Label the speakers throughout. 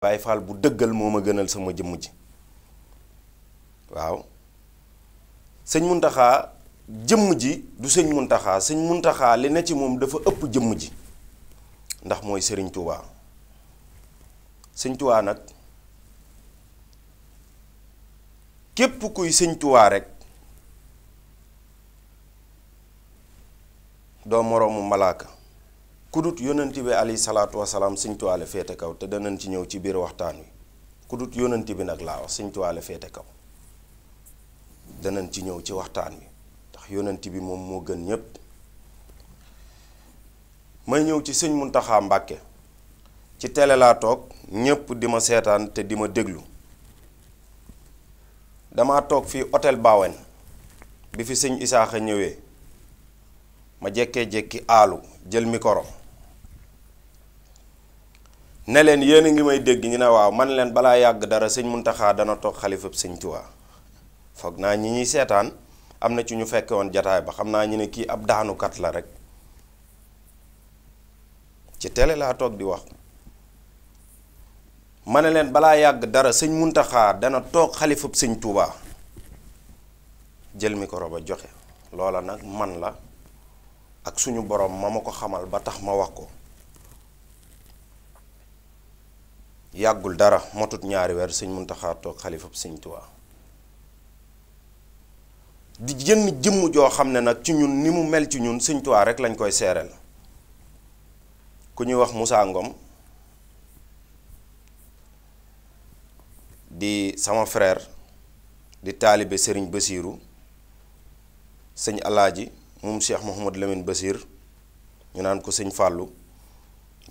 Speaker 1: Baay Faal bu dëggal moo ma gënal sama jëm ji waaw sëñ Muntaxaa jëmm ji du sëñ Muntaxaa sëñ Muntaxaa li na ci moom dafa ëpp jëmm ji ndax mooy sëriñ Tuubaa sëñ Tuubaa nag képp kuy sëñ Tuubaa rekk doo moroomu malaaka kudut yonent bi alayhi salaatu wasalaam Sëñ Tuubaa la féete kaw te danañ ci ñëw ci biir waxtaan wi kudut yonent bi nag laa wax Sëñ Tuubaa la féete kaw danañ ci ñëw ci waxtaan wi ndax yonent bi moom moo gën ñépp may ñëw ci Sëñ Muntaxa Mbàkke ci teele laa toog ñépp di ma seetaan te di ma déglu dama toog fii hôtel Bawen bi fi Sëñ Isaaxa ñëwee ma jekkee-jekki aalu jël micro ne leen yéen a ngi may dégg ñu ne waaw man leen balaa yàgg dara sëñ Muntaxa dana toog xalifab sëñ Tuubaa foog naa ñi seetaan am na ci ñu fekke woon jataay ba xam naa ñu ne kii ab daanukat la rek ci télé laa toog di wax ma ne leen balaa yàgg dara sëñ Muntaxa dana toog xalifab sëñ Tuubaa jël micro ba joxe loola nag man la ak suñu boroom ma ma ko xamal ba tax ma wax ko yàggul dara motut ñaari weer sëñ Muntaxa toog xalifab sëñ Tuubaa di jënn jëmm joo xam ne nag ci ñun ni mu mel ci ñun sëñ Tuubaa rek lañ koy seereel ku ñuy wax Moussa Ngom di sama freer di taalibe sëriñ Basiiru sëñ Alaaji moom Cheikh Mouhamad Lamine Basir ñu naan ko sëñ Fàllu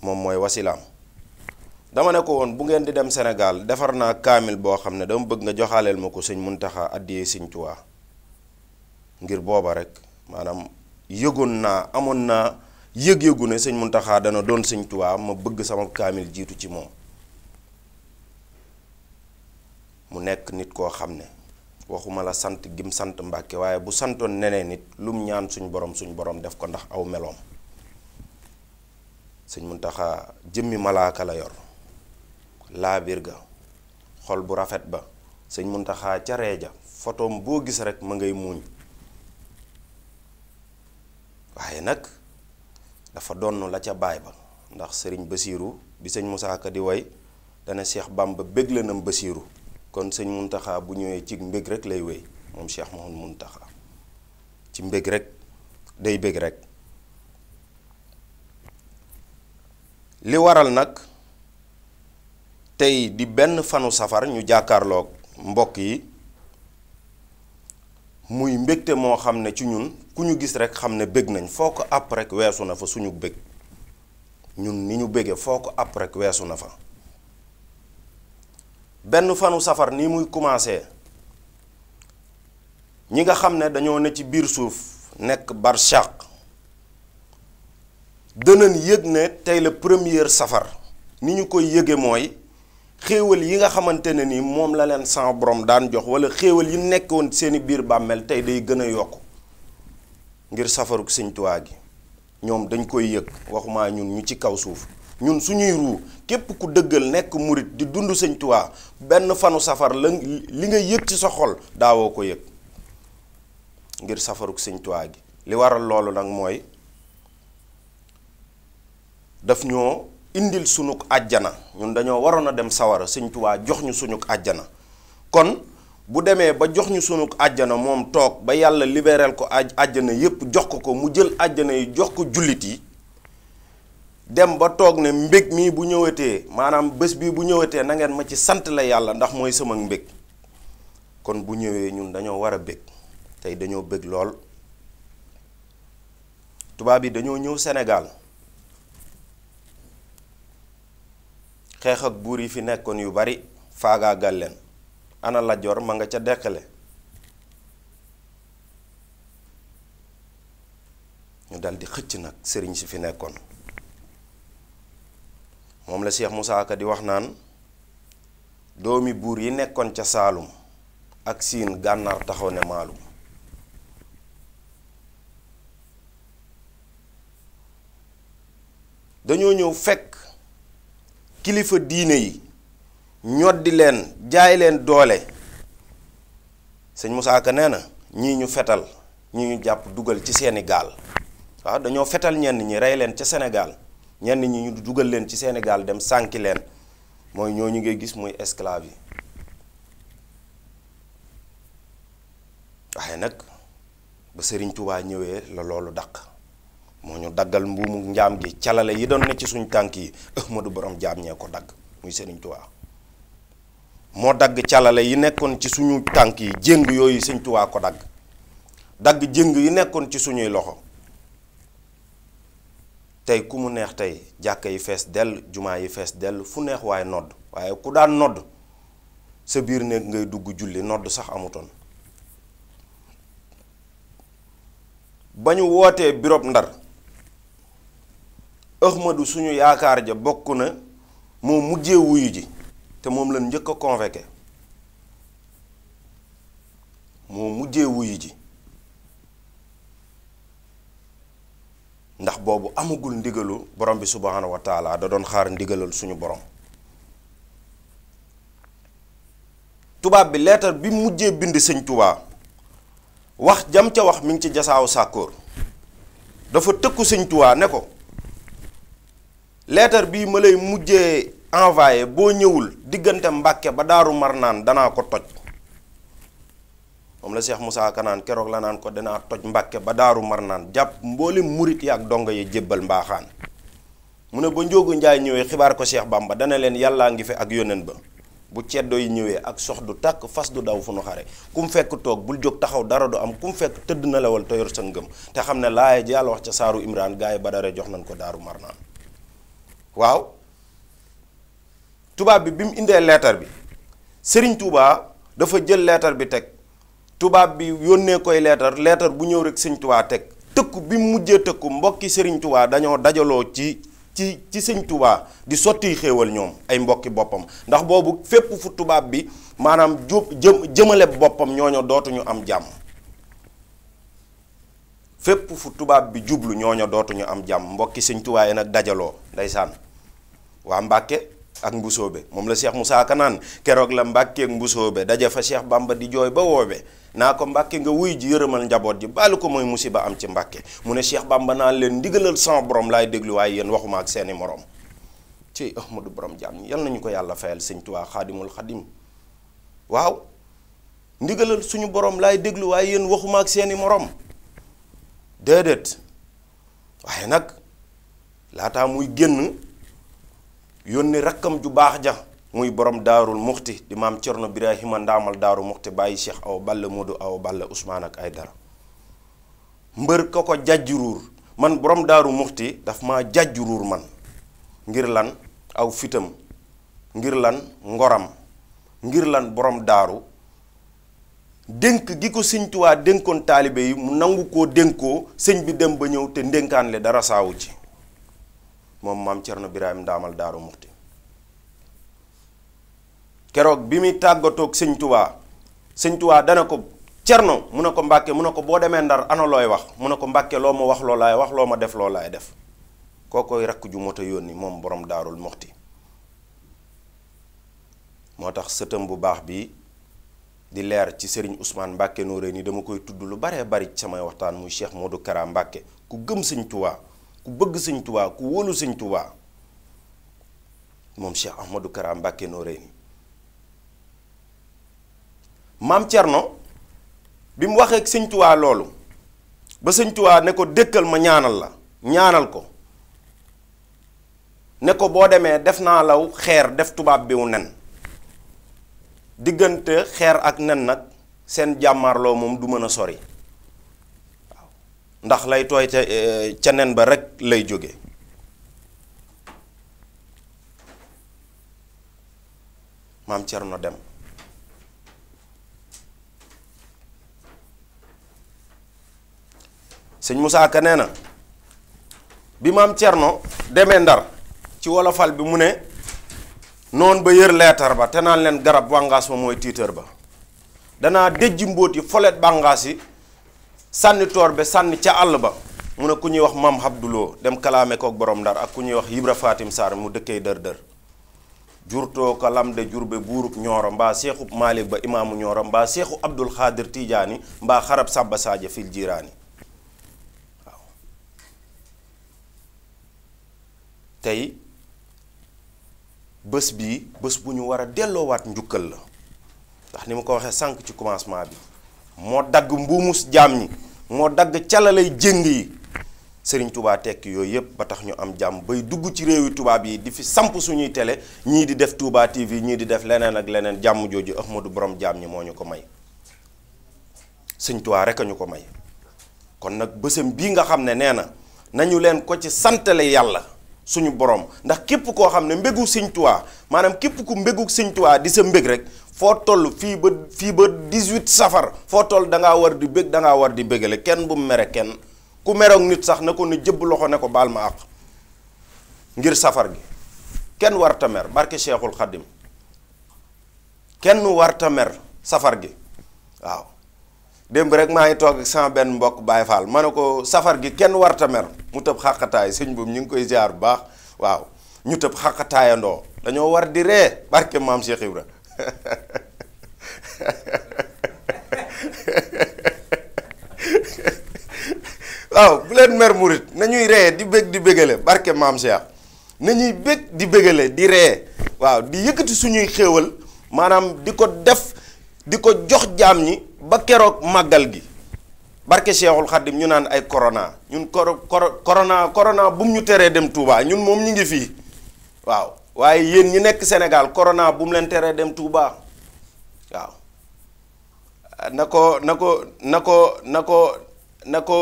Speaker 1: moom mooy wasilaam dama ne ko woon bu ngeen di dem Sénégal defar naa kaamil boo xam ne dama bëgg nga joxaaleel ma ko sëñ Muntaxa addiyee sëñ Tuubaa ngir booba rek maanaam yëgoon naa amoon naa yëg-yëgu ne sëñ Muntaxa dana doon sëñ Tuubaa ma bëgg sama kaamil jiitu ci moom mu nekk nit koo xam ne waxuma la sant gim sant Mbàkke waaye bu santoon nenee nit lum ñaan suñ borom suñ borom def ko ndax aw meloom sëñ Muntaxa jëmmi malaaka la yor laabir ga xol bu rafet ba sëñ Muntaxa caree ja fotoom boo gis rek ma ngay muuñ waaye nag dafa donn la ca baay ba ndax sëriñ Basiiru bi sëñ Musaa Ka di woy dana Seex Bàmba béglanam Basiiru kon sëñ Muntaxa bu ñëwee ci mbég rek lay wéy moom moom Mouhamadou taxa ci mbég rek day bég rek li waral nag tey di benn fanu safar ñu jàkkaarloog mbokk yi muy mbégte moo xam ne ci ñun ku ñu gis rek xam ne bég nañ foo ko àpp rek weesu na fa suñu bég ñun ni ñu bëggee foo ko àpp rek weesu na fa benn fanu safar ni muy commencé ñi nga xam ne dañoo ne ci biir suuf nekk barshaq dënan yëg ne tey la première safar ni ñu koy yëge mooy xéewal yi nga xamante ne ni moom la leen sama borom daan jox wala xéewal yi nekkoon seeni biir bàmmeel tey day gën a yokk ngir safaruk Sëñ gi ñoom dañ koy yëg waxumaa ñun ñu ci kaw suuf ñun suñuy ruu képp ku dëggal nekk murit di dund sëñ benn fanu safar la li nga yëg ci sa xol daawoo ko yëg ngir safaruk sëñ Tuubaa gi li waral loolu nag mooy daf ñoo indil sunuk àjjana ñun dañoo waroon a dem sawara sëñ jox ñu sunuk àjjana kon bu demee ba jox ñu sunuk àjjana moom toog ba yàlla libéral ko àjjana yépp jox ko ko mu jël àjjana yi jox ko jullit yi dem ba toog ne mbég mii bu ñëwatee maanaam bés bii bu ñëwatee nangeen ma ci sant la yàlla ndax mooy sama mbég kon bu ñëwee ñun dañoo war a bég tey dañoo bég lool tubaab yi dañoo ñëw Sénégal xeex ak buur yi fi nekkoon yu bari faagaagal leen analajoor ma nga ca deqale ñu daldi xëcc nag sëriñ si fi nekkoon moom la Cheikh Moussa Ka di wax naan doomi buur yi nekkoon ca Saalum ak siin gànnaar taxaw ne maalum dañoo ñëw fekk kilifa diine yi ñoddi leen jaay leen doole sëñ Moussa Ka nee na ñii ñu fetal ñii ñu jàpp dugal ci seeni gaal waaw dañoo fetal ñenn ñi rey leen ca senegaal ñenn ñi ñu dugal leen ci Sénégal dem sànki leen mooy ñooñu ngay gis muy esclave yi waaye nag ba sëriñ tuwaa ñëwee la loolu daq moo ñu daggal mbuumu njaam gi calale yi doon ne ci suñ tànk yi Ahmadu borom jaam ñee ko dagg muy Serigne Touba moo dagg calale yi nekkoon ci suñu tànk yi jéng yooyu Serigne Touba ko dagg dagg jëng yi nekkoon ci suñuy loxo tey ku mu neex tey jàkka yi fees dell jumaa yi fees dell fu neex waaye nodd waaye ku daan nodd sa biir néeg ngay dugg julli nodd sax amutoon ba ñu wootee birob ndar Ahmadu suñu yaakaar ja bokk na moo mujjee wuyu ji te moom lañ njëkk a convoqué moo mujjee wuyu ji ndax boobu amagul ndigalu borom bi subhaanahu wa da doon xaar ndigalal suñu borom tubaab bi leetar bi mujjee bind sëñ tubaa wax jam ca wax mi ngi ci jasaaw sàkkoor dafa tëkku sëñ tubaa ne ko leetar bii ma lay mujjee envoyé boo ñëwul diggante mbàkke ba daaru marnaan danaa ko toj moom la Cheikh Moussa Kanaan keroog la naan ko danaa toj mbàkke ba daaru mar jàpp mboolem murit yi ak dongo yi jébbal mbaaxaan mu ne ba njóogu njaay ñëwee xibaar ko Cheikh Bamba dana leen yàllaa ngi fi ak yónneen ba bu ceddo yi ñëwee ak sox du tàkk fas du daw fu nu xare ku mu fekk toog bul jóg taxaw dara du am ku fekk tëdd na lawal toyor sa ngëm te xam ne laaya ji yàlla wax ca saaru imraan gars yi badara jox nañ ko daaru mar naan waaw tubaab bi bi mu indee leetar bi sëriñ Touba dafa jël leetar bi teg tubaab bi yónnee koy leetar leetar bu ñëw rek sëñ tubaa teg tëkku bi mu mujjee tëkku mbokki sëriñ tubaa dañoo dajaloo ci ci ci sëñ tubaa di sotti xéewal ñoom ay mbokki boppam ndax boobu fépp fu tubaab bi maanaam jub jëm jëmale boppam ñooñu dootuñu am jàmm fépp fu tubaab bi jublu ñooñu dootuñu am jàmm mbokki sëñ tubaa nag dajaloo ndeysaan waa Mbàkke ak mbusoobe moom la Cheikh Moussa naan keroog la mbàkkeeg mbusoobe daje fa Cheikh Bamba di jooy ba woobe naa ko mbàkke nga wuy ji yërëmal njaboot ji baal ko mooy musiba am ci mbàkke mu ne Cheikh Bamba naa leen ndigalal sama borom laay déglu waaye yéen waxuma ak seeni moroom ci Ahmadu borom jaam ñi nañu ko yàlla fayal sëñ Tuubaa xaadimul xadim waaw suñu borom laay déglu waaye yéen waxuma ak seeni morom déedéet waaye nag laataa muy génn yónni rakkam ju baax ja muy boroom daarul muxti di maam Cerno Birahima ndaamal daaru muxti bàyyi Cheikh aw Balla Modou aw Balla Ousmane ak Aydara mbër ko ko jàjjuruur man borom daaru muxti daf maa jàjjuruur man ngir lan aw fitam ngir lan ngoram ngir lan boroom daaru dënk gi ko sëñ Tuubaa dénkoon taalibe yi mu nangu koo dénkoo sëñ bi dem ba ñëw te ndénkaan dara saawu ci moom maam Cerno Birahim Ndaamal Daaru Muxti keroog bi muy tàggatoog sëñ sëñtuwaa sëñ dana ko Cerno mu ne ko Mbàkke mun ne ko boo demee Ndar ana looy wax mu ne ko Mbàkke loo ma wax loo laay wax loo ma def loo laay def kookoy rakk ju moto yónni moom borom daarul muxti moo tax sëtam bu baax bi di leer ci sëriñ Ousmane Mbàkke nooré nii dama koy tudd lu baree bari samay waxtaan muy Cheikh Modou Kara Mbàkke ku gëm sëñ ku bëgg sëñ tuwaa ku wóolu sëñ tubaa moom Cheikh Ahmadou Kara Mbàkke Noreyni maam Cerno bi mu waxee ak sëñ tubaa loolu ba sëñ tubaa ne ko dëkkal ma ñaanal la ñaanal ko ne ko boo demee def naa law xeer def tubaab bi wu nen diggante xeer ak nen nag seen jàmmaarloo moom du mën a sori ndax lay tooy ca eh, ca ba rek lay jóge maam Cerno dem sëñ Moussa Ka nee na bi maam Cerno demee ndar ci wolofal bi mu ne noon ba yër leetar ba te naan leen garab bàngaas ma mooy tiitër ba danaa dëjji mbóot yi folet bàngaas yi sànni toor be sànni ca àll ba mu ne ku ñuy wax mam Abdouloo dem kalaame kook borom ndar ak ku ñuy wax Ibra Fatim Sarr mu dëkkee dër dër jurtoo ko lam de jurbe buurub ñooro mbaa seexu Abdul Xaadir Tijaani mbaa xarab Sàbba Saaja fil jiraani waaw tey bés bi bés bu ñu war a delloowaat njukkal la ndax ni ma ko waxee sànq ci commencement bi moo dagg mbuumus jaam ñi moo dagg calalay jëng yi sëriñ tubaa tekki yooyu yëpp ba tax ñu am jàmm bay dugg ci réewi tubaab yi di fi samp suñuy tele ñii di def Touba TV ñii di def leneen ak leneen jàmm jooju Ahmadu borom jaam ñi moo ñu ko may sëñ Touba a ñu ko may kon nag bësam bii nga xam ne nee na nañu leen ko ci santale yàlla suñu borom ndax képp koo xam ne mbégu sëñ Touba maanaam képp ku mbégu sëñ Touba di sa mbég rek foo toll fii ba fii ba 18 safar foo toll danga war di bëgg da war di bëggale kenn bu mu mere kenn ku meroog nit sax na ko ne jëbb loxo ne ko baal ma àq ngir safar gi kenn war ta mer barke Cheikhul Khadim kenn war ta mer safar gi waaw démb rek maa ngi toog ak sama benn mbokk Baye Fall ma ne ko safar gi kenn war ta mer mu tëb xàqataay sëñ boobu ñu ngi koy ziar bu baax waaw ñu tëb xàqataayandoo dañoo war di ree barke maam Cheikh Ibra waaw bu leen mer murit nañuy ree di bég di bégale barke maam Cheikh nañuy bég di bégale di ree waaw di yëkkati suñuy xéewal maanaam di ko def di ko jox jaam ñi ba keroog màggal gi barke Cheikhul Khadim ñu naan ay corona ñun koro koro corona corona bu ñu teree dem tuubaa ñun moom ñu ngi fii waaw waaye yéen ñi nekk senegal corona bu mu leen teree dem Touba waaw na ko na ko na ko na ko na ko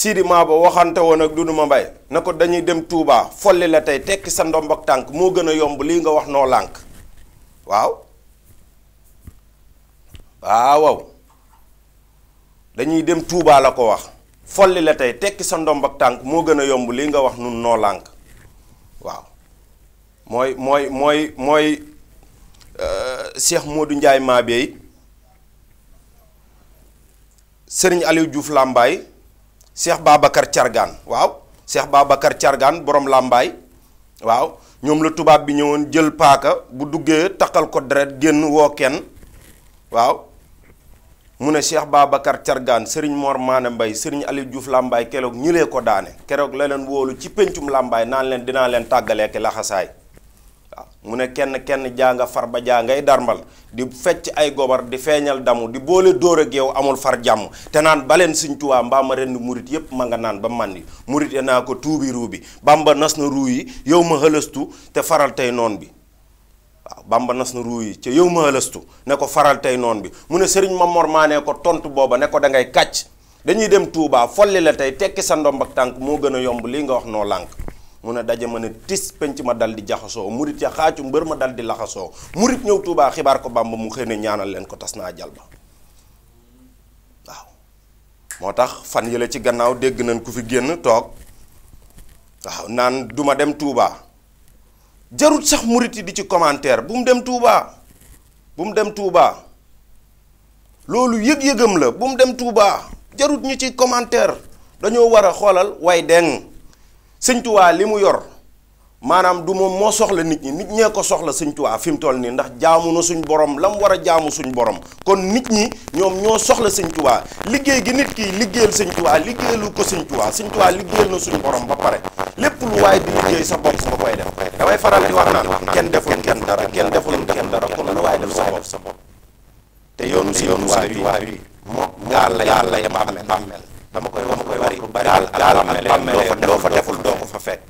Speaker 1: Sidi Maba waxante woon ak duma Mbaye na ko dañuy dem Touba folli la tey tekki sa ndombak tànk moo gën a yomb lii nga wax noo lànk waaw waaw dañuy dem Touba la ko wax folli la tey tekki sa ndombak tànk moo gën a yomb lii nga wax nun noo lànk waaw mooy mooy mooy mooy euh, Cheikh Modou Ndiaye Mabey Serigne Aliou Diouf Lambaye Cheikh Babacar Thiargane waaw Cheikh Babacar Thiargane boroom làmbaay waaw ñoom la tubaab bi ñëwoon jël paaka bu duggee takkal ko deret génn woo kenn waaw mu ne Cheikh Babacar Thiargane Serigne moor Maane Mbaye Serigne Aliou Diouf Lambaye keroog ñi lee ko daane keroog la leen wóolu ci péncum làmbaay naan leen dinaa leen tàggaleeki laxasaay waaw mu ne kenn kenn jaa far ba jaa ngay darmbal di fecc ay gobar di feeñal damu di boole dóor ak yow amul far jàmm te naan baleen Sëñ Tuubaa mbaama ren murit yépp ma nga naan ba màndi murit ya naa ko tuubi ruu bi bamba nas na yi yow ma xëlëstu te faral tey noon bi bamba nas ruu yi ca yow ma xëlëstu ne ko faral tey noon bi mu ne sëriñ ma maa ne ko tontu booba ne ko dangay kàcc dañuy dem tuubaa folli la tey tekki sa ndomb tànk moo gën a yomb lii nga wax noo lànk mun a daje mën a tis penc ma dal di jaxasoo murit ya xaaju mbër ma dal di laxasoo murit ñëw Tuubaa xibaar ko Bàmba mu xëy ne ñaanal leen ko tas naa jal waaw moo tax fan yële ci gannaaw dégg nañ ku fi génn toog waaw naan duma dem Tuubaa jarut sax murit yi di ci commentaire bu mu dem Tuubaa bu mu dem Tuubaa loolu yëg-yëgam la bu mu dem Tuubaa jarut ñu ci commentaire dañoo war a xoolal way deng sëñ Tuubaa li mu yor maanaam du moom moo soxla nit ñi nit ñee ko soxla sëñ Tuubaa fi mu toll nii ndax jaamu na suñ borom la mu war a jaamu suñ borom kon nit ñi ñoom ñoo soxla sëñ Tuubaa liggéey gi nit kii liggéeyal sëñ Tuubaa liggéeyalu ko sëñ Tuubaa sëñ Tuubaa liggéeyal na suñ borom ba pare lépp lu waaye di liggéey sa bopp nga koy def damay faral di wax naan kenn deful kenn dara kenn deful kenn dara kon lu waaye def sa bopp te yoonu si yoonu si waaye yi moo gaal la yàlla yem am mel dama koy wax koy wax lu bari na leen loo fa loo fa deful doo fa fekk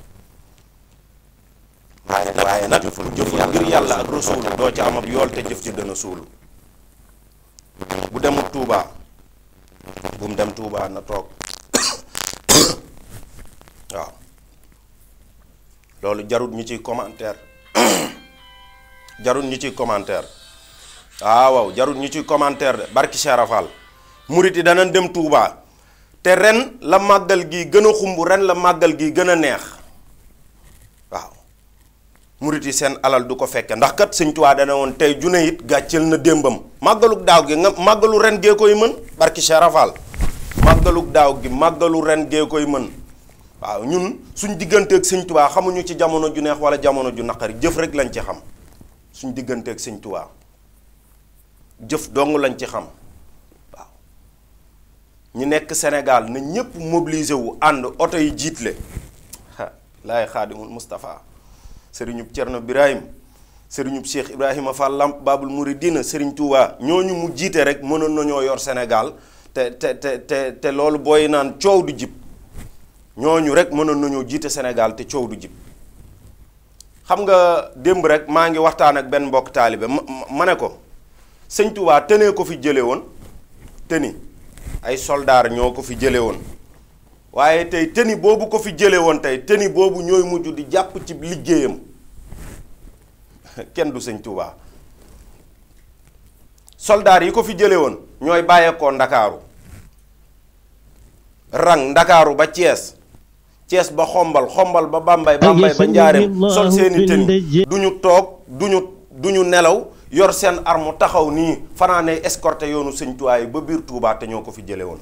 Speaker 1: waaye nag waaye jëful ngir yàlla ak rasul doo ci am ab yool te jëf ci dana suulu bu demul tuubaa bu dem tuubaa na toog waaw loolu jarut ñu ciy commentaire jarut ñu ci commentaire waaw ah, waaw jarut ñu ciy commentaire de barki Cheikh murit yi danañ dem tuubaa te ren la màggal gi gën a xumb ren la màggal gi gën a neex waaw murit yi seen alal du ko fekke ndax kat Sëñ Tuubaa dana woon tey june it gàcceel na démbam màggalug daaw gi màggalu ren gee koy mën barki Serafal màggalug daaw gi màggalu ren gee koy mën waaw ñun suñ digganteeg Sëñ Tuubaa xamuñu ci jamono ju neex wala jamono ju naqari jëf rek lañ ci xam suñ digganteeg Sëñ Tuubaa jëf dong lañ ci xam ñu nekk Sénégal na ñëpp mobiliser wu ànd oto yi jiitle laay xaadimul Moustapha sëriñub Cerno Birahim sëriñub Cheikh Ibrahima Fall Lamp Babul Mouridina sëriñ Touba ñooñu mu jiite rek mënoon nañoo yor Sénégal te te te te loolu booy naan coow du jib ñooñu rek mënoon nañoo jiite Sénégal te coow du jib xam nga démb rek maa ngi waxtaan ak benn mbokk taalibe ma ma ne ko sëñ Touba tënee ko fi jëlee woon te ay soldaar ñoo ko fi jële woon waaye tey teni boobu ko fi jële woon tey teni boobu ñooy mujj di jàpp ci liggéeyam kenn du sëñ Tuubaa soldaar yi ko fi jële woon ñooy bàyyeekoo ndakaaru rang ndakaaru ba Thiès cees ba xombal xombal ba bàmbay bàmbay ba njaareem sol seeni teni duñu toog duñu duñu nelaw yor seen arme taxaw nii fanaanee escorté yoonu sëñtuwaay ba biir Touba te ñoo ko fi jële woon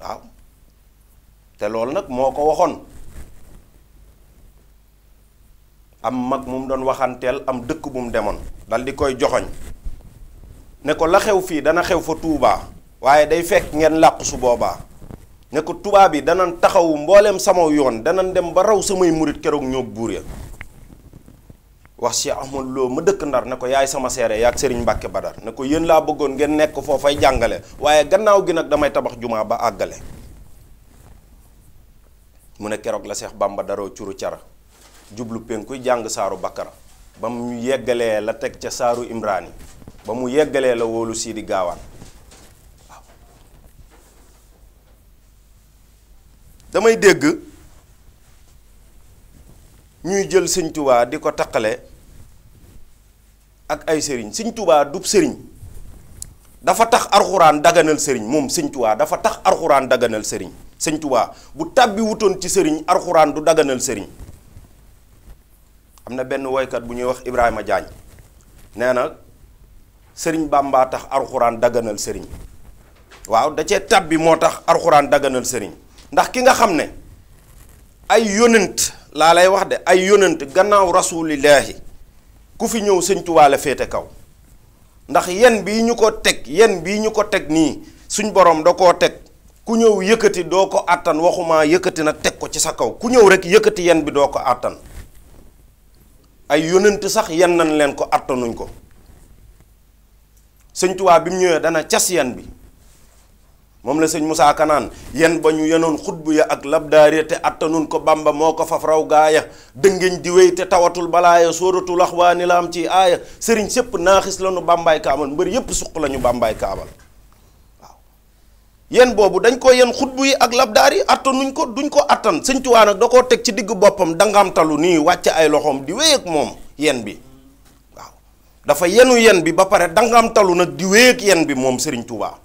Speaker 1: waaw te loolu nag moo ko waxoon am mag mu mu doon waxanteel am dëkk bu mu demoon dal di koy joxoñ ne ko la xew fii dana xew fa tuubaa waaye day fekk ngeen làqu su boobaa ne ko tubaab yi dana taxawu mbooleem sama yoon danan dem ba raw samay murit keroog ñoo buur ya wax Cheikh amul Lo ma dëkk ndar ne ko yaay sama seere yaag Serigne Mbacke Badar ne ko yéen laa bëggoon ngeen nekk foofay jàngale waaye gannaaw gi nag damay tabax jumaa ba àggale mu ne keroog la Cheikh bàmba daroo curu cara jublu penkuy jàng saaru Bakara ba mu yeggalee la teg ca saaru Imraani ba mu yeggalee la wóolu Sidi Gaawaan damay dégg ñuy jël sëñtuwaa di ko taqale ak ay sëriñ sëñ tubaa du sëriñ dafa tax arxuraan daganal sëriñ moom sëñ tubaa dafa tax arxuraan daganal sëriñ sëñ bu tàbbi wutoon ci sëriñ arxuraan du daganal sëriñ am na benn woykat bu ñuy wax Ibrahima Jaañ nee na sëriñ Bàmba tax arxuraan daganal sëriñ waaw da cee tàbbi moo tax arxuraan daganal sëriñ ndax ki nga xam ne ay yonent laa lay wax de ay yonent gannaaw rasuulillaahi ku fi ñëw sëñ Tuubaa féete kaw ndax yen bii ñu ko teg yenn bii ñu ko teg nii suñ borom da koo teg ku ñëw yëkkati doo ko àttan waxumaa yëkkati nag teg ko ci sa kaw ku ñëw rek yëkkati yen bi doo ko àttan ay yonent sax yen nañ leen ko àttanuñ ko sëñ Tuubaa bi mu ñëwee dana cas yen bi moom la sëñ Moussa Kanaan yen ba ñu yenoon xutbu ya ak labdaare te àttanuñ ko bamba moo ko faf raw gaaya dëngeñ di wéy te tawatul balaaya sóoratul axwaani la am ci aaya sëriñ sépp naaxis la ñu bàmbaay kaabal mbër yépp suq lañu ñu bàmbaay kaabal waaw yen boobu dañ ko yen xutbu yi ak labdaar yi attanuñ ko duñ ko àttan sëñ Tuubaa nag da koo teg ci digg boppam dangamtalu nii wàcc ay loxoom di wéy ak moom yen bi waaw dafa yenu yen bi ba pare dangamtalu nag di wéy ak bi moom sëriñ Tuubaa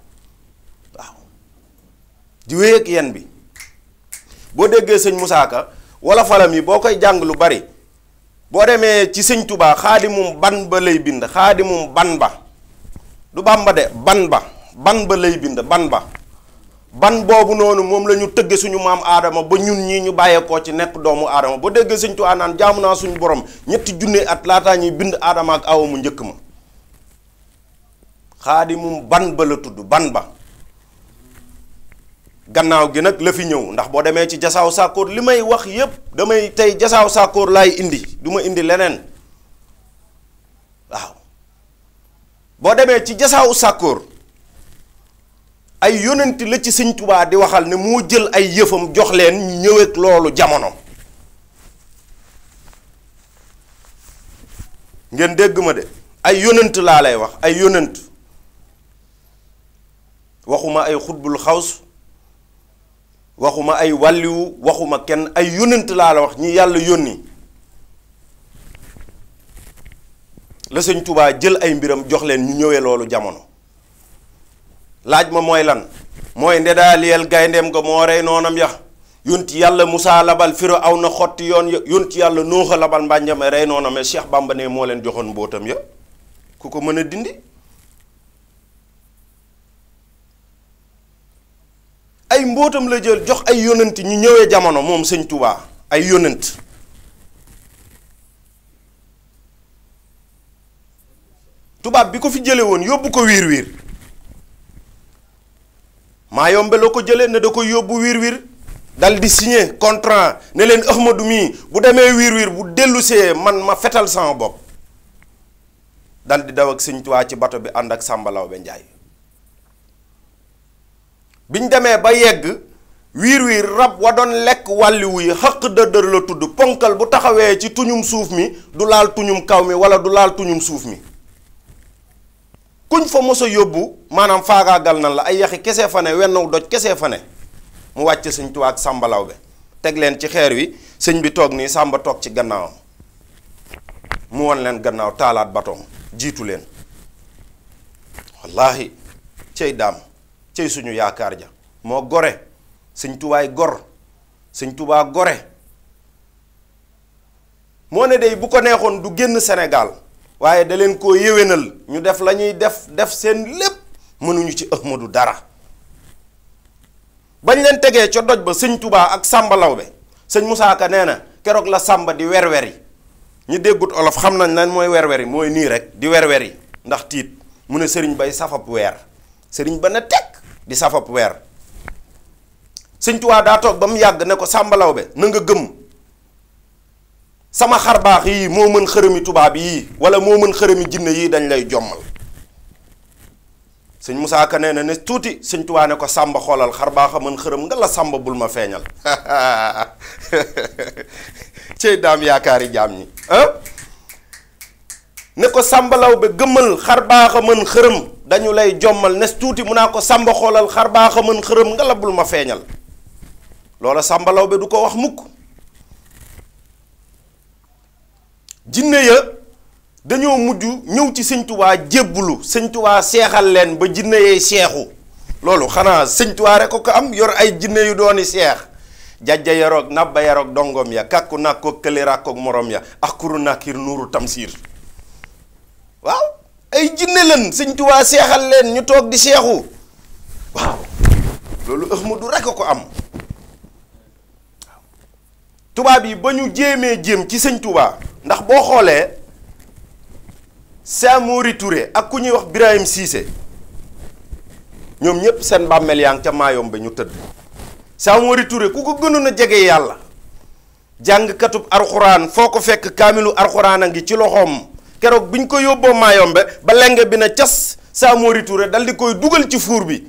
Speaker 1: di wéy ak yen bi boo déggee sëñ musaaka Ka wala falam yi boo koy jàng lu bari boo demee ci sëñ tubaa xaadimum ban ba lay bind xaadimum ban ba du Bàmba de ban ba ban ba lay bind ban ba ban boobu noonu moom lañu ñu suñu maam aadama ba ñun ñii ñu bàyyeekoo ci nekk doomu aadama ba dégg sëñ Tuubaa naan jaamu naa suñu borom ñetti junne at laataa ñuy bind aadama ak awa mu njëkk ma xaadimum ban ba la tudd ban ba gannaaw gi nag la fi ñëw ndax boo demee ci jasaw sàkkoor li may wax yépp damay tey jasaaw sàkkoor laay indi duma indi leneen waaw boo demee ci jasaw sàkkoor ay yonent la ci sëñ Tubaa di waxal ne moo jël ay yëfam jox leen ñu ñëw loolu jamono ngeen dégg ma de ay yonent laa lay wax ay yonent waxuma ay xutbul xaws waxuma ay wàlliwu waxuma kenn ay yónnent laa la wax ñi yàlla yónni la sëñ tubaa jël ay mbiram jox leen ñu ñëwee loolu jamono laaj ma mooy lan mooy ndedaaliyel gayndeem nga moo rey noonam ya yonti yàlla musaa labal firo aw na xotti yoon ya yonti yàlla Nooxa labal mbànjame rey noonam ya Cheikh Bamba ne moo leen joxoon mbootam ya ku ko mën a dindi ay mbóotam la jël jox ay yonent ñu ñëwee jamono moom sëñ Touba ay yonent tubaab bi ko fi jële woon yóbbu ko wiir wiir maa yombeloo ko jële ne da ko yóbbu wiir wiir dal di signé contrant ne leen Ahmadou mii bu demee wiir wiir bu dellusee man ma fetal sama bopp daldi daw ak sëñ Touba ci bato bi ànd ak Sàmba Lawbe Njaay bi ñu demee ba yegg wiir wiir rab wa doon lekk wàlliwu yi xëq dëddër la tudd ponkal bu taxawee ci tuñum suuf mi du laal tuñum kaw mi wala du laal tuñum suuf mi kuñ fa mos yóbbu maanaam faagaagal nan la ay yaxi kese fa ne wennaw doj kese fa ne mu wàcc sëñ Tuubaa ak Sàmba Lawbe teg leen ci xeer wi sëñ bi toog nii Sàmba toog ci gannaawam mu won leen gannaaw taalaat batoom jiitu leen wallaahi cey daam cey suñu yaakaar ja moo gore sëñ tubaay gor sëñ tubaa gore moo ne day bu ko neexoon du génn senegal waaye da leen koo yéwénal ñu def la ñuy def def seen lépp mënuñu ci Ahmadu dara bañ leen tegee ca doj ba sëñ tubaa ak Sàmba Lawbe sëñ Musaa Ka nee na keroog la Sàmba di werweri ñu déggut olof xam nañ lan mooy werweri mooy nii rek di werweri ndax tiit mu ne sëriñ bay safab weer sëriñ ba na teg di safab weer sëñtuwaa Tuubaa daa toog ba mu yàgg ne ko Sàmba Lawbe na nga gëm sama xar baax yii moo mën xërëmi tubaab yii wala moo mën xërëmi jinne yii dañ lay jommal sëñ Moussa Ka nee na ne tuuti sëñ ne ko Sàmba xoolal xarbaax a mën xërëm nga la Sàmba bul ma feeñal cey daam yaakaari jaam ñi ah ne ko Sàmba Lawbe gëmmal xar baax a mën xërëm dañu lay jommal nes tuuti mun naa ko sàmba xoolal xar baax a mën xërëm nga ma feeñal loola sàmba bi du ko wax mukk jinne ya dañoo mujj ñëw ci sëñ Tuubaa jébbulu sëñ seexal leen ba jinne yay seexu loolu xanaa sëñ Tuubaa rek am yor ay jinne yu dooni seex jajja yaroog nabba yaroog dongom ya kàkku nàkkoog këli ràkkoog morom ya ak kuru nàkkir nuuru tamsiir waaw ay jinne lan sëñ Tuubaa seexal leen ñu toog di seexu waaw loolu Ahmadu rek a ko am tubaab yi ba ñu jéemee jéem ci sëñ Tuubaa ndax boo xoolee Samori ture ak ku ñuy wax Birahim Cissé ñoom ñépp seen bàmmeel yaa ngi ca maayom ba ñu tëdd Samori Touré ku ko gënoon a jege yàlla jàngkatub arxuraan foo ko fekk kaamilu arxuraan a ngi ci loxoom keroog bi ñu ko yóbboo Maayombe ba lenge bi na cas Samori Touré dal di koy dugal ci fuur bi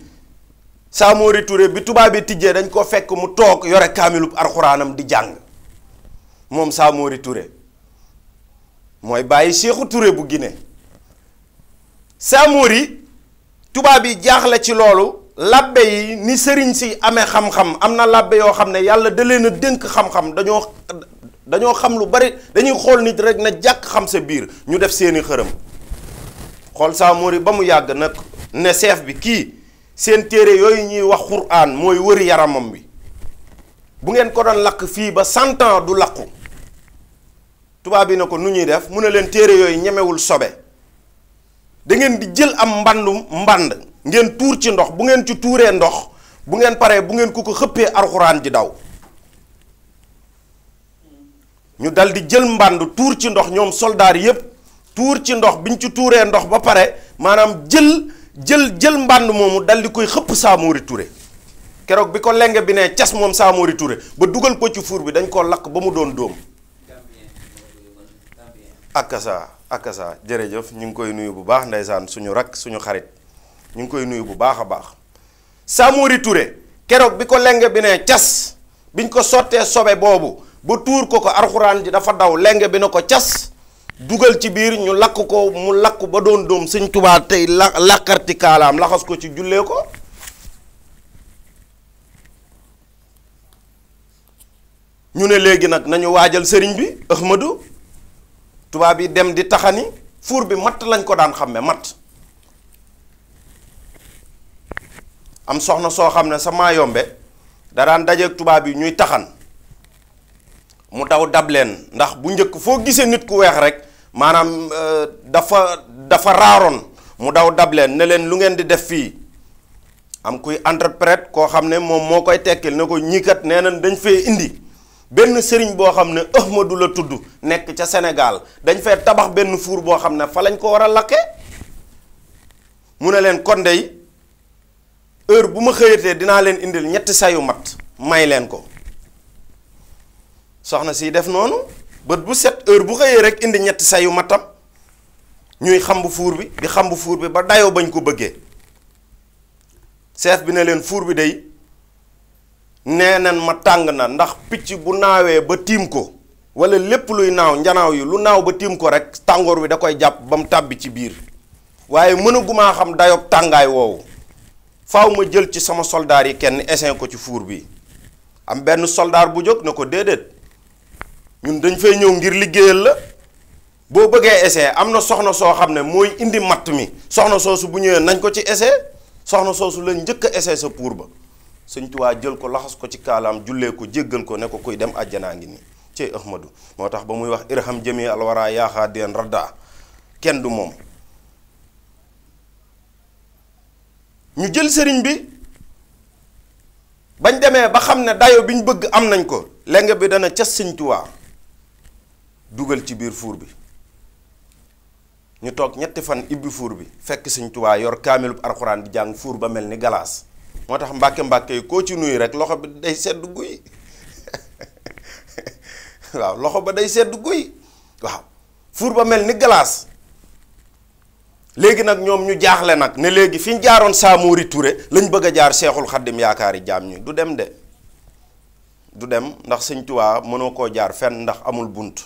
Speaker 1: Samori ture bi tubaab bi tijjee dañ ko fekk mu toog yore kaamilub arxuraanam di jàng moom Samori Touré mooy bàyyi Seexu Touré bu Guinée Samori tubaab yi jaaxle ci loolu labbe yi ni sëriñ si amee xam-xam am na labbe yoo xam ne yàlla dalee na a dénk xam-xam dañoo dañoo xam lu bari dañuy xool nit rek na jàkk xam sa biir ñu def seeni xërëm xool Samori ba mu yàgg nag ne chef bi kii seen téere yooyu ñuy wax Qur'an mooy wëri yaramam wi bu ngeen ko doon lakk fii ba cent du lakku tubaab yi ne ko nu ñuy def mu ne leen téere yooyu ñemewul sobe da ngeen di jël am mbandum mbànd ngeen tuur ci ndox bu ngeen ci tuuree ndox bu ngeen paree bu ngeen ku ko xëppee alxuraan ji daw ñu dal di jël mbànd tuur ci ndox ñoom soldaar yépp tuur ci ndox bi ñu ci tuuree ndox ba pare maanaam jël jël jël mbànd moomu dal di koy xëpp Samori Touré keroog bi ko leng bi ne cas moom Samori Touré ba dugal ko ci fuur bi dañ koo lakk ba mu doon dóom akasa akasa jërëjëf ñu ngi koy nuyu bu baax ndeysaan suñu rakk suñu xarit ñu ngi koy nuyu bu baax a baax Samori Touré keroog bi ko lenge bi ne cas biñ ko sottee sobe boobu ba tuur ko ko arxuraan ji dafa daw lenge bi na ko cas dugal ci biir ñu lakk ko mu lakk ba doon doom sëñ Tuubaa tey la lakkarti kaalaam laxas ko ci jullee ko ñu ne léegi nag nañu waajal sëriñ bi Ahmadou tubaab yi dem di taxani fuur bi matt lañ ko daan xàmme matt am soxna soo xam ne sama yombe da daan dajeeg tubaab yi ñuy taxan mu daw dab leen ndax bu njëkk foo gisee nit ku weex rek maanaam euh, dafa dafa raaroon mu daw dab leen ne leen lu ngeen di def fii am kuy interprète koo xam ne moom moo koy tekkil ne ko ñiikat nee na dañ fee indi benn sëriñ boo xam ne du la tudd nekk ca Sénégal dañ fee tabax benn fuur boo xam ne fa lañ ko war a lakke mu ne leen kon dey heure bu ma xëyatee dinaa leen indil ñetti sayu mat may leen ko soxna si def noonu bët bu set heure bu xëyee rek indi ñetti sayu matam ñuy xamb fuur bi di xamb fuur bi ba dayoo bañ ko bëggee chef bi ne leen fuur bi day nee nan ma tàng na ndax picc bu naawee ba tiim ko walla lépp luy naaw njanaaw yi lu naaw ba tiim ko rek tàngoor bi da koy jàpp ba mu tàbbi ci biir waaye mënagumaa xam dayob tàngaay woowu faaw ma jël ci sama soldaar yi kenn esin ko ci fuur bi am benn soldaar bu jóg ne ko déedéet ñun dañ fay ñëw ngir liggéeyal la boo bëggee ese am na soxna soo xam ne mooy indi matt mi soxna soosu bu ñëwee nañ ko ci essai soxna soosu la njëkk a sa pour ba sëñ Tuubaa jël ko laxas ko ci kaalaam jullee ko jéggal ko ne ko kuy dem àjjanaa ngi nii cey Ahmadu moo tax ba muy wax irham jëmi alwara yaaxaa deen radda kenn du moom ñu jël sëriñ bi bañ demee ba xam ne dayo biñ bëgg am nañ ko leng bi dana ca sëñ dugal ci biir fuur bi ñu toog ñetti fan ibbi fuur bi fekk sëñ Tuubaa yor kaamilub alxuraan di jàng fuur ba mel ni galaas moo tax mbàkke mbàkke yi koo ci nuyu rek loxo bi day sedd loxo ba day sedd guy waaw fuur ba mel ni galaas léegi nag ñoom ñu jaaxle nag ne léegi fi ñu jaaroon Samori Touré lañ bëgg a jaar seexul xaddim yaakaari jaam ñi du dem de du dem ndax sëñ tuwaa mënoo koo jaar fenn ndax amul bunt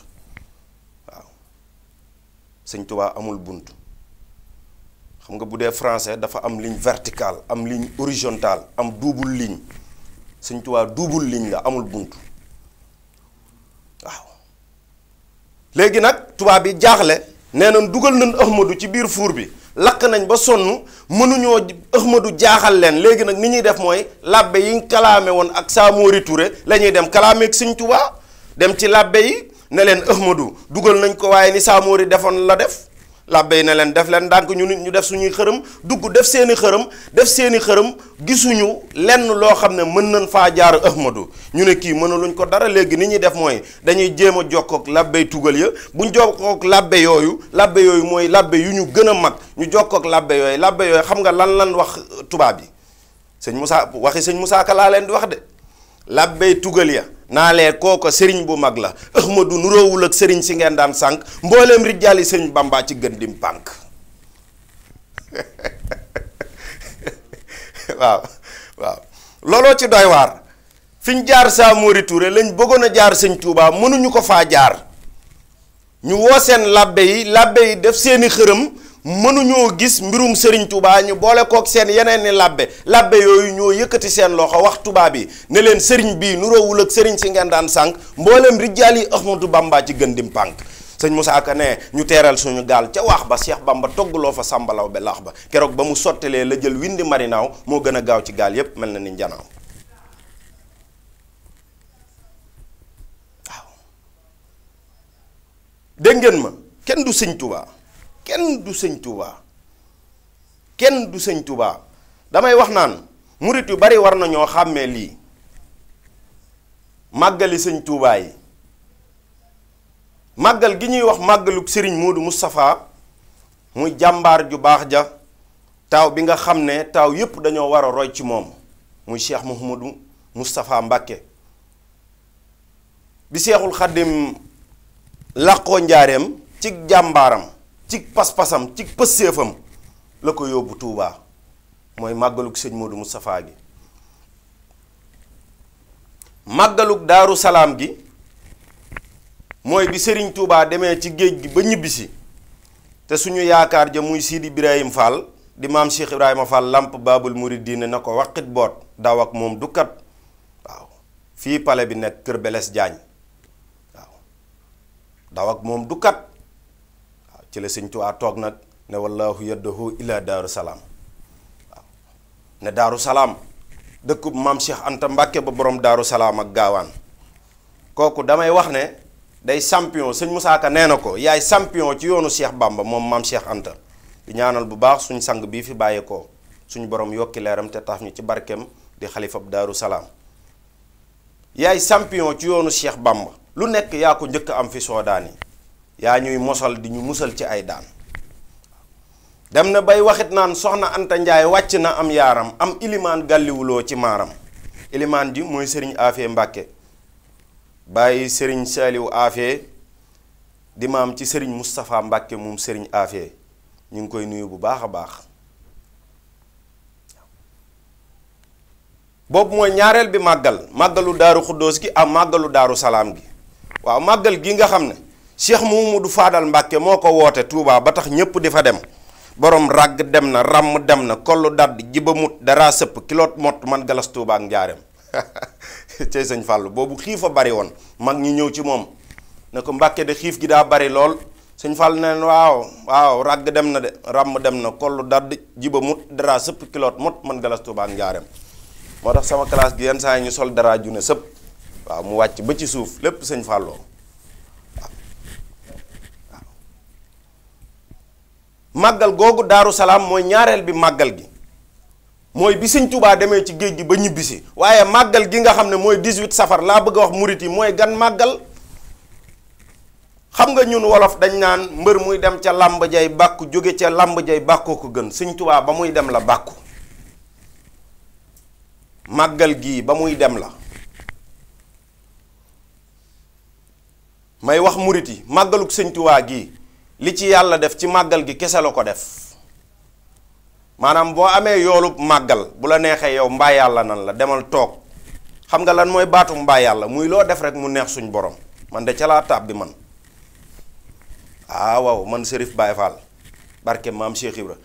Speaker 1: sëñ Tuubaa amul bunt xam nga bu dee français dafa am ligne vertical am ligne horizontale am double ligne sëñ Tuubaa double ligne la amul bunt waaw léegi nag tubaab bi jaaxle nee nañ dugal nañ Ahmadu ci biir fuur bi lakk nañ ba sonn mënuñoo Ahmadu jaaxal leen léegi nag ni ñuy def mooy làbbe yi ñu kalaame woon ak Samori Touré la ñuy dem kalaameeg sëñ Tuubaa dem ci làbbe yi ne leen Ahmadou dugal nañ ko waaye ni Samori defoon la def labbay ne leen def leen daan ko ñu nit ñu def suñuy xërëm dugg def seeni xërëm def seeni xërëm gisuñu lenn loo xam ne mën nañ faa jaar Ahmadou ñu ne kii mënuluñ ko dara léegi ni ñuy def mooy dañuy jéem a jokkook labbay tugal ya buñ jokkook labbe yooyu labbe yooyu mooy labbe yu ñu gën a mag ñu jokkook labbe yooyu labbe yooyu xam nga lan lan wax tubaab yi sëñ Moussa waxi sëñ Moussa Ka laa leen di wax de labbay tugal ya naa lee kooko sëriñ bu mag la du nuroowul ak sëriñ si ngeen daan sànq mbooleem rijjaali sëriñ Bamba ci gën dim pànk waaw waaw looloo ci doy waar fi ñu jaar saa Mori Touré lañ a jaar sëñ Touba mënuñu ko faa jaar ñu woo seen labbe yi labbe yi def seeni xërëm mënuñoo gis mbirum Serigne Touba ñu boole kook seen yeneen ni labbe labbe yooyu ñoo yëkkati seen loxo wax tubaab yi ne leen Serigne bii nuroowul ak sëriñ si ngeen daan sànq mbooleem rijjaal yi Ahmadou Bamba ci gën dim pànk sëñ Moussa Ka ne ñu teeral suñu gaal ca waax ba Cheikh Bamba togguloo fa sàmbalaw ba laax ba keroog ba mu sottalee la jël windi marinaaw moo gën a gaaw ci gaal yépp mel na ni njanaaw waaw ma kenn du sëñ Touba. kenn du sëñ Touba kenn du sëñ Touba damay wax naan murit yu bari war nañoo xàmmee lii màggali sëñ Touba yi màggal gi ñuy wax màggalug Serigne Modou Moustapha muy jàmbaar ju baax ja taaw bi nga xam ne taaw yépp dañoo war a roy ci moom muy Cheikh Mouhamadou Moustapha Mbacke bi Seexul Xaddim làqoo njaareem cig jàmbaaram ci pas-pasam ci pësséefam la ko yóbbu tuuba mooy màggalug sëñ Modou Moustapha gi màggalug Daaru Salaam gi mooy bi sëriñ Touba demee ci géej gi ba ñibbisi te suñu yaakaar ja muy Sidi Ibrahim Fall di maam Cheikh Ibrahima Fall làmp Baabul Muridiin na ko waqit boot daaw ak moom dukkat waaw fii pale bi nekk Kër Beles Jaañ waaw daaw ak moom dukkat ci la sëñ Tuubaa toog nag ne wallaahu yaddahu ila daaru salaam ne daaru salaam dëkkub maam Cheikh Anta Mbàkke ba borom daaru salaam ak gaawaan kooku damay wax ne day champion sëñ Moussa nee na ko yaay champion ci yoonu Cheikh bàmba moom maam Cheikh Anta ñaanal bu baax suñ sang bii fi bàyyeekoo suñu borom yokki leeram te taaf ñu ci barkeem di xalifab daaru salaam yaay champion ci yoonu Cheikh Bamba lu nekk yaa ko njëkk am fi soodaani yaa ñuy mosal di ñu musal ci ay daan dem na bay waxit naan soxna antanjaay wàcc na am yaaram am ilimaan gàlliwuloo ci maaram ilimaan ji mooy sëriñ Afee Mbàkke bàyyi sëriñ Saaliw Afee di maam ci sëriñ Moustapha Mbàkke moom sëriñ Afee ñu ngi koy nuyu bu baax a baax boobu mooy ñaareel bi màggal màggalu daaru xuddoos gi am màggalu daaru salaam gi waaw màggal gi nga xam ne Cheikh Mouhamadou Fadal Mbàkke moo ko wootee Touba ba tax ñëpp di fa dem borom ràgg dem na ràmm dem na kollu dadd jiba mut dara sëpp kiloot mot man galas Touba ak njaareem sëñ Fàllu boobu xiif bari woon mag ñi ñëw ci moom ne ko Mbàkke de xiif gi daa bari lool sëñ Fàll ne waaw waaw ràgg dem na de ràmm dem na kollu dadd jiba mut dara sëpp kiloot mot man galas Touba ak njaareem moo tax sama classe gi yenn saa yi ñu sol dara june sëpp waaw mu wàcc ba ci suuf lépp sëñ Fàlloo màggal googu daaru salaam mooy ñaareel bi màggal gi mooy bi sëñ tubaa demee ci géej gi ba ñibbisi waaye màggal gi nga xam ne mooy 18 safar laa bëgg a wax murit yi mooy gan màggal xam nga ñun wolof dañ naan mbër muy dem ca làmb jay bàkku jóge ca làmb jay bàkkoo ko gën sëñ tubaa ba muy dem la bàkku màggal gii ba muy dem la may wax murit yi màggaluk sëñ tubaa gii li ci yàlla def ci màggal gi kese la ko def maanaam boo amee yoolub màggal bu la neexee yow mbaa yàlla nan la demal toog xam nga lan mooy baatu mbaa yàlla muy loo def rek mu neex suñ borom man de ca laa taab bi man awaw ah man Serif Baye Fall barke maam Cheikh Ibra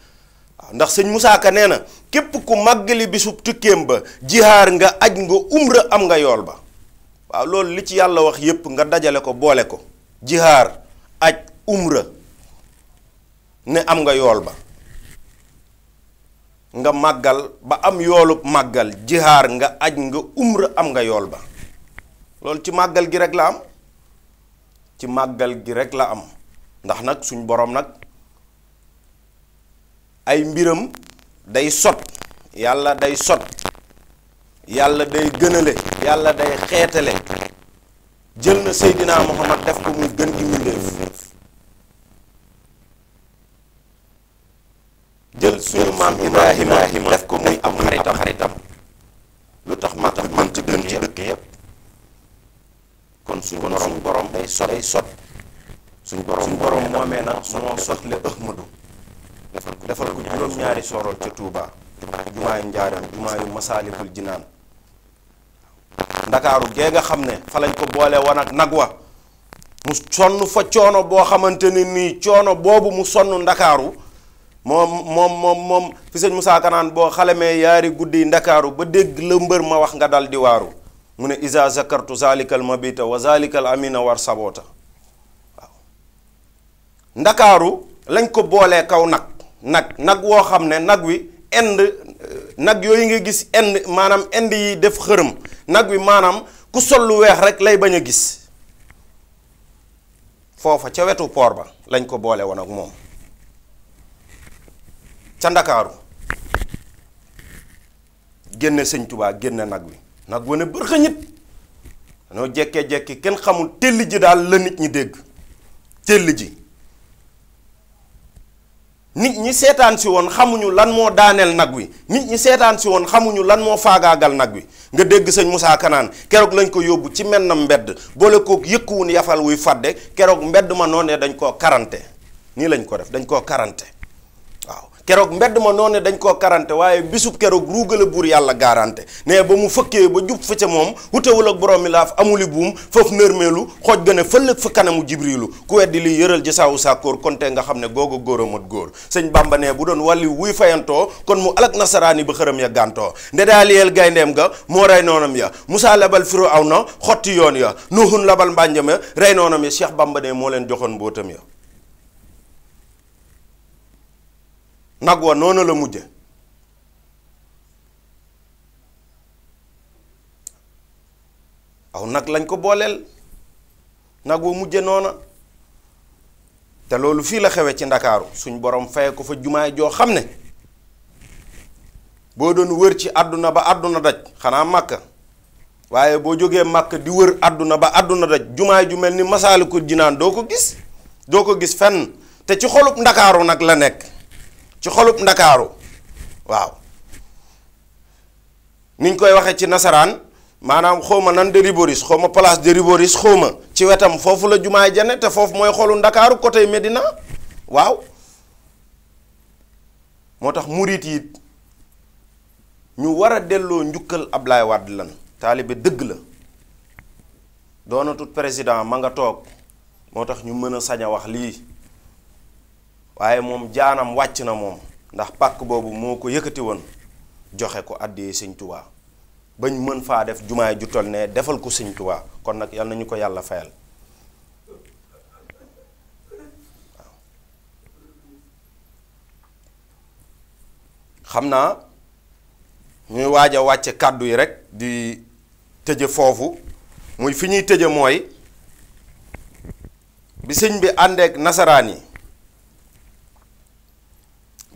Speaker 1: waaw ndax sëñ Moussa Ka nee na képp ku màggali bisub tukkeem ba jihaar nga aj nga umra am nga yool ba waaw loolu li ci yàlla wax yépp nga dajale ko boole ko jihaar aj umra ne am nga yool ba nga màggal ba am yoolub màggal jihaar nga aj nga umra am nga yool ba loolu ci màggal gi rek la am ci màggal gi rekk la am ndax nag suñ boroom nag ay mbiram day sot yàlla day sot yàlla day gënale yàlla day xeetale jël na Seydina Muhammad def ko muy gën gi mbindéef jël suñu maam Ibrahima def ko muy am xaritam xaritam lu tax ma tax mënta gën ci dëkk yépp kon suñu borom borom day sot day borom borom moomee na moo sotle Ahmadu defal ko defal ko juróom-ñaari sorol ca Touba jumaayu njaaram jumaayu masaalikul jinaan ndakaaru gee nga xam ne fa lañ ko boole woon nag wa mu sonn fa coono boo xamante ne nii coono boobu mu sonn ndakaaru moom moom moom moom fi sëñ Moussa Kanaan boo xalamee yaari guddi ndakaaru ba dégg la mbër ma wax nga dal di waaru mu ne isa zakartu zalikal mabita wa zalikal amina war saboota waaw ndakaaru lañ ko boolee kaw nag nag nag woo xam ne nag wi ind nag yooyu nga gis ind maanaam ind yi def xërëm nag wi maanaam ku sol lu weex rek lay bañ a gis foofa ca wetu poor ba lañ ko boole woon ak moom ca ndakaaru génne sëñ tubaa génne nag wi nag wane bërxa ñit dañoo jekkee-jekki kenn xamul tell ji daal la nit ñi dégg tell ji nit ñi seetaan si woon xamuñu lan moo daaneel nag wi nit ñi seetaan si woon xamuñu lan moo faagaagal nag wi nga dégg sañ musaa Kanaan keroog lañ ko yóbbu ci mennam mbedd boole kook yëkkuwun yafal wuy fàdde keroog mbedd ma noonee dañ koo karante nii lañ ko def dañ koo karante keroog mbedd ma noonu dañ koo karante waaye bisub keroog ruugala buur yàlla gaarante ne ba mu fëkkee ba jub fa ca moom wutewul ak borom mi laaf amuli buum foofu nërmeelu xooj gën a fëllëg fa kanamu jibrilu ku weddi li yëral jasaawu sàkkoor konte nga xam ne googu góor a mat góor sëñ Bàmba bu doon wàlli wuy fayantoo kon mu alak nasaraani ba xërëm ya gàntoo ndedaaliyeel gayndeem ga moo rey noonam ya Musaa labal firo aw na xotti yoon ya nuhun labal mbànjam rey noonam ya Cheikh Bàmba moo leen joxoon mbootam ya nag wa noonu la mujje aw nag lañ ko booleel nag wa mujje noona te loolu fii la xewe ci ndakaaru suñ boroom faye ko fa jumaay joo xam ne boo doon wër ci àdduna ba àdduna daj xanaa màkka waaye boo jógee màkk di wër àdduna ba àdduna daj jumaay ju mel ni masaalikul jinaan doo ko gis doo ko gis fenn te ci xolub ndakaaru nag la nekk ci xolub ndakaaru waaw niñ koy waxee ci nasaraan maanaam xawma nan de Riboris xawma place de Riboris xawma ci wetam foofu la jumaa jane te foofu mooy xolu ndakaaru côté Medina waaw moo tax murit yi ñu war a delloo njukkal Ablaye Wade lan taalibe dëgg la doonatut président ma nga toog moo tax ñu mën a sañ a wax lii waaye moom jaanam wàcc na moom ndax pàkk boobu moo ko yëkkati woon joxe ko àddee sëñ bañ mën faa def jumaay ju tol ne defal ko sëñ kon nag yal na ñu ko yàlla fayal xam naa ñuy waaj a wàcce kàddu yi rek di tëje foofu muy fi ñuy tëje mooy bi sëñ bi àndeek nasaraan yi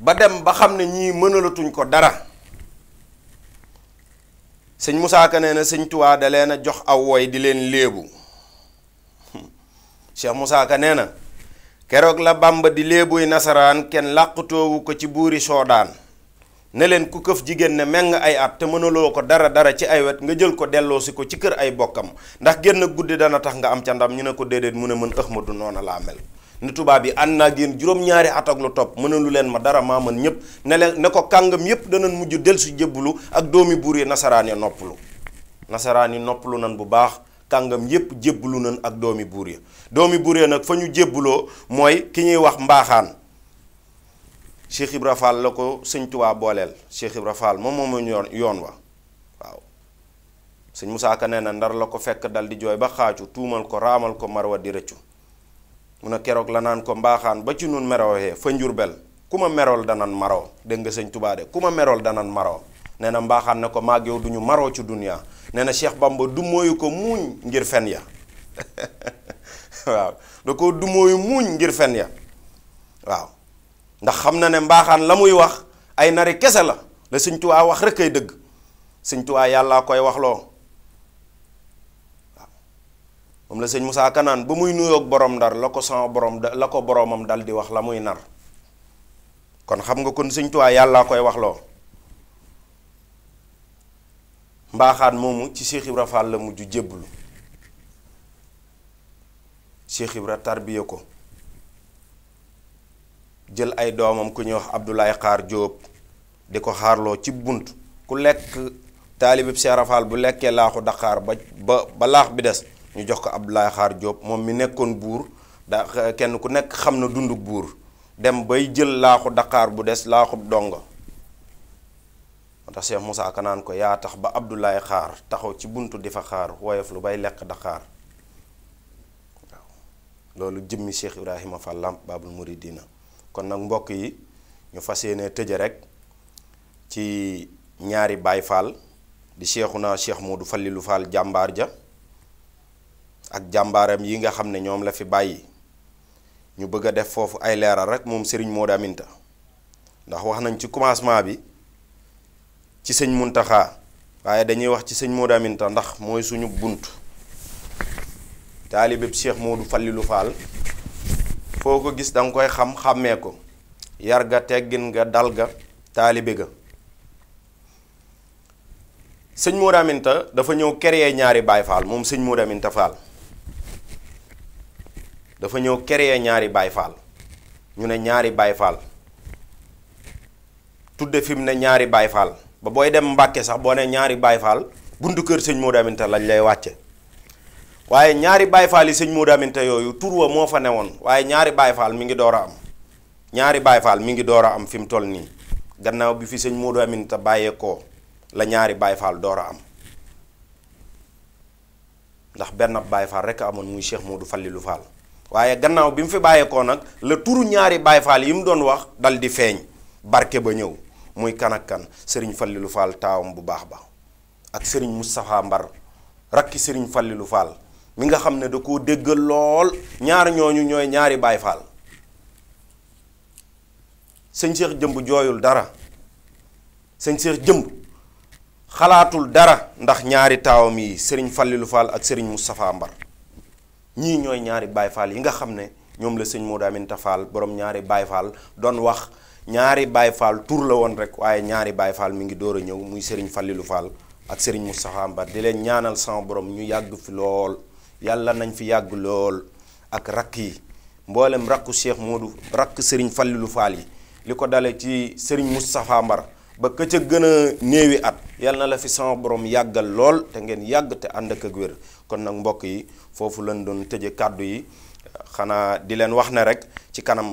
Speaker 1: ba dem ba xam ne ñii mënalatuñ ko dara sëñ Moussa Ka nee na sëñ Tuubaa da leen a jox aw woy di leen léebu Cheikh Moussa Ka nee na keroog la Bàmba di léebuy nasaraan kenn làqutoowu ko ci buur buuri soodaan ne leen ku këf jigéen ne meng ay at te mënaloo ko dara dara ci ay wet nga jël ko delloosi ko ci kër ay bokkam ndax génn guddi dana tax nga am ca ndam ñu ne ko déedéet mu ne mën ëx ma du noona laa mel ni tubaab yi ànd naa ak juróom-ñaari at ak lu topp mënalu leen ma dara maa mën ñëpp ne ne ko kàngam yëpp danañ mujj dellusi jébbalu ak doomi buur yi nasaraan ya noppalu nasaraan yi noppalu nan bu baax kàngam yépp jébbalu nan ak doomi buur yi doomi buur ya nag fa ñu jébbaloo mooy ki ñuy wax mbaaxaan Cheikh Ibra la ko sëñtuwaa Tuubaa booleel Cheikh Ibra Fall moom moom yoon yoon wa waaw sëñ Musaa Ka nee na ndar la ko fekk dal di jooy ba xaacu tuumal ko raamal ko marwa di rëccu mu ne keroog la naan ko mbaaxaan ba ci nun merooxee fa njurbel ku ma merool danan maroo dégg nga sëñ Tuubaa de ku ma merool danan maroo nee na mbaaxaan ne ko maag yow du ñu maroo ci dunya nee na Cheikh Bamba du mooyu ko muuñ ngir fen ya waaw da ko du mooyu muuñ ngir fen ya waaw ndax xam na ne mbaaxaan la muy wax ay nari kese la la sëñ Tuubaa wax rek ay dëgg sëñ Tuubaa yàllaa koy waxloo moom la sëñ Moussa Kanaan ba muy nuyoog borom ndar la ko sama borom la ko boromam dal di wax la muy nar kon xam nga kon sëñ Tuubaa yàllaa koy waxloo mbaaxaat moomu ci Cheikh Ibra la mujj jébbalu Cheikh Ibra tarbiya ko jël ay doomam ku ñuy wax Abdoulaye Xaar Jóob di ko xaarloo ci bunt ku lekk taalibeb Cheikh Ibra bu lekkee laaxu daqaar ba ba ba laax bi des ñu jox ko Abdoulaye Xaar Diop moom mi nekkoon buur da kenn ku nekk xam na dunduk buur dem bay jël laaxu daqaar bu des laaxu dongo moo tax Cheikh Moussa kanaan ko yaa tax ba Abdoulaye Xaar taxaw ci buntu di fa xaar woyof lu bay lekk daqaar waaw loolu jëmmi Cheikh Ibrahima Fall Lamp Baabul Mouridina kon nag mbokk yi ñu fas yéene tëje rek ci ñaari Baay Faal di Cheikhuna Cheikh du Fallilou Fall jàmbaar ja ak jàmbaram yi nga xam ne ñoom la fi bàyyi ñu bëgg a def foofu ay leeral rek moom sëriñ Modou Aminta ndax wax nañ ci commencement bi ci sëñ Muntaxa waaye dañuy wax ci sëñ Modou ndax mooy suñu bunt taalibeb Cheikh Modou Fallilou Fall foo ko gis danga koy xam xàmmee ko yar ga teggin nga dal ga taalibe ga sëñ Modou dafa ñëw créer ñaari baay Fall moom sëñ Modou Aminta dafa ñëw créer ñaari Baay Faal ñu ne ñaari Baay Faal tudde fi mu ne ñaari Baay Faal ba booy dem Mbàkke sax boo ne ñaari Baay Faal buntu kër sëñ Modou Aminta lañ lay wàcce waaye ñaari Baay Faal yi sëñ Modou Aminta yooyu tur wa moo fa newoon waaye ñaari Baay Faal mi ngi door a am ñaari Baay Faal mi ngi door a am fi mu toll nii gannaaw bi fi sëñ Modou Aminta bàyyeekoo la ñaari Baay Faal door a am ndax benn Baay Faal rekk amoon muy Cheikh Modou Fallilou Fall waaye gannaaw bi mu fi bàyyeekoo nag la turu ñaari Baay Faal yi mu doon wax dal di feeñ barke ba ñëw muy kan kan sëriñ Fallilu Fall taawam bu baax ba ak sëriñ Moustapha Mbar rakki sëriñ Fallilu Fall mi nga xam ne da ko déggal lool ñaar ñoo ñu ñooy ñaari Baay Faal sëñ Cheikh Jëmb jooyul dara sëñ Cheikh Jëmb xalaatul dara ndax ñaari taawam yi sëriñ Fallilu Fall ak sëriñ Moustapha Mbar ñii ñooy ñaari Baye Fall yi nga xam ne ñoom la sëñ moo Aminta Fall boroom ñaari Baye Fall doon wax ñaari Baye Fall tur la woon rek waaye ñaari Baye Fall mi ngi door a ñëw muy Serigne Fallilou Fall ak sëriñ Moustapha Mbar di leen ñaanal sama borom ñu yàgg fi lool yàlla nañ fi yàgg lool ak rakk yi mboolem rakku Cheikh Modou rakk Serigne Fallilou Fall yi li ko dale ci Serigne Moustapha Mbar ba ka ca gën a néewi at. yal na la fi sama borom yàggal lool te ngeen yàgg te ànd ak ak wér kon nag mbokk yi foofu lañ doon tëje kàddu yi xanaa di leen wax ne rek ci kanam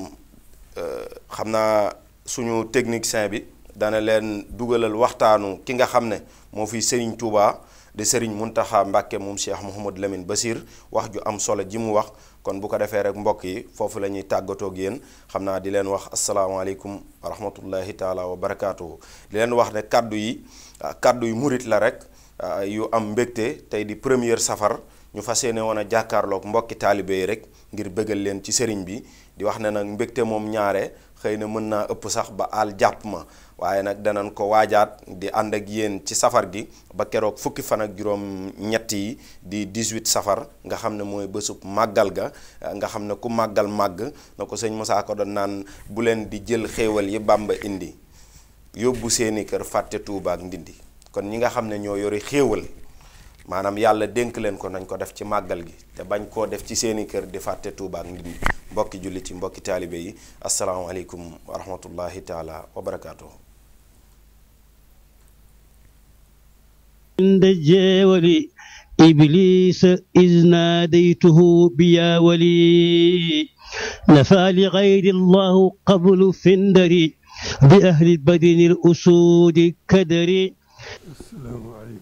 Speaker 1: euh, xam naa suñu technicien bi dana leen dugalal waxtaanu ki nga xam ne moo fi Serigne Touba. di sëriñ Muntaxa Mbàkke moom Cheikh Mouhamad Lamine Basir wax ju am solo ji mu wax kon bu ko defee rek mbokk yi foofu la ñuy tàggatoog yéen xam naa di leen wax asalaamaaleykum wa rahmatullahi taala wa barakaatuhu di leen wax ne kàddu yi ah, kàddu yu murit la rek ah, yu am mbégte tey di première safar ñu fas yéene woon a jàkkaarlook mbokki taalibe yi rek ngir bëggal leen ci sëriñ bi di wax ne nag mbégte moom ñaare xëy na mën naa ëpp sax ba àll jàpp ma waaye nag danañ ko waajaat di ànd ak yéen ci safar gi ba keroog fukki fan ak juróom ñett yi di 18 safar nga xam ne mooy bésub màggal ga nga xam ne ku màggal màgg na ko sëñ Moussa ko doon naan bu leen di jël xéewal yi Bàmba indi yóbbu seeni kër fàtte Tuuba ak Ndindi kon ñi nga xam ne ñoo yore xéewal maanaam yàlla dénk leen ko nañ ko def ci màggal gi te bañ koo def ci seeni kër di fàtte Tuuba Ndindi mbokki jullit yi mbokki taalibe yi asalaamaaleykum wa rahmatullahi taala wa barakaatuhu عند جاولي إبليس إذ ناديته بيا ولي نفى لغير الله قبل فندري بأهل بدن الأسود كدري السلام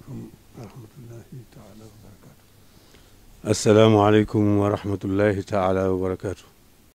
Speaker 1: عليكم ورحمة الله تعالى وبركاته السلام عليكم ورحمة الله تعالى وبركاته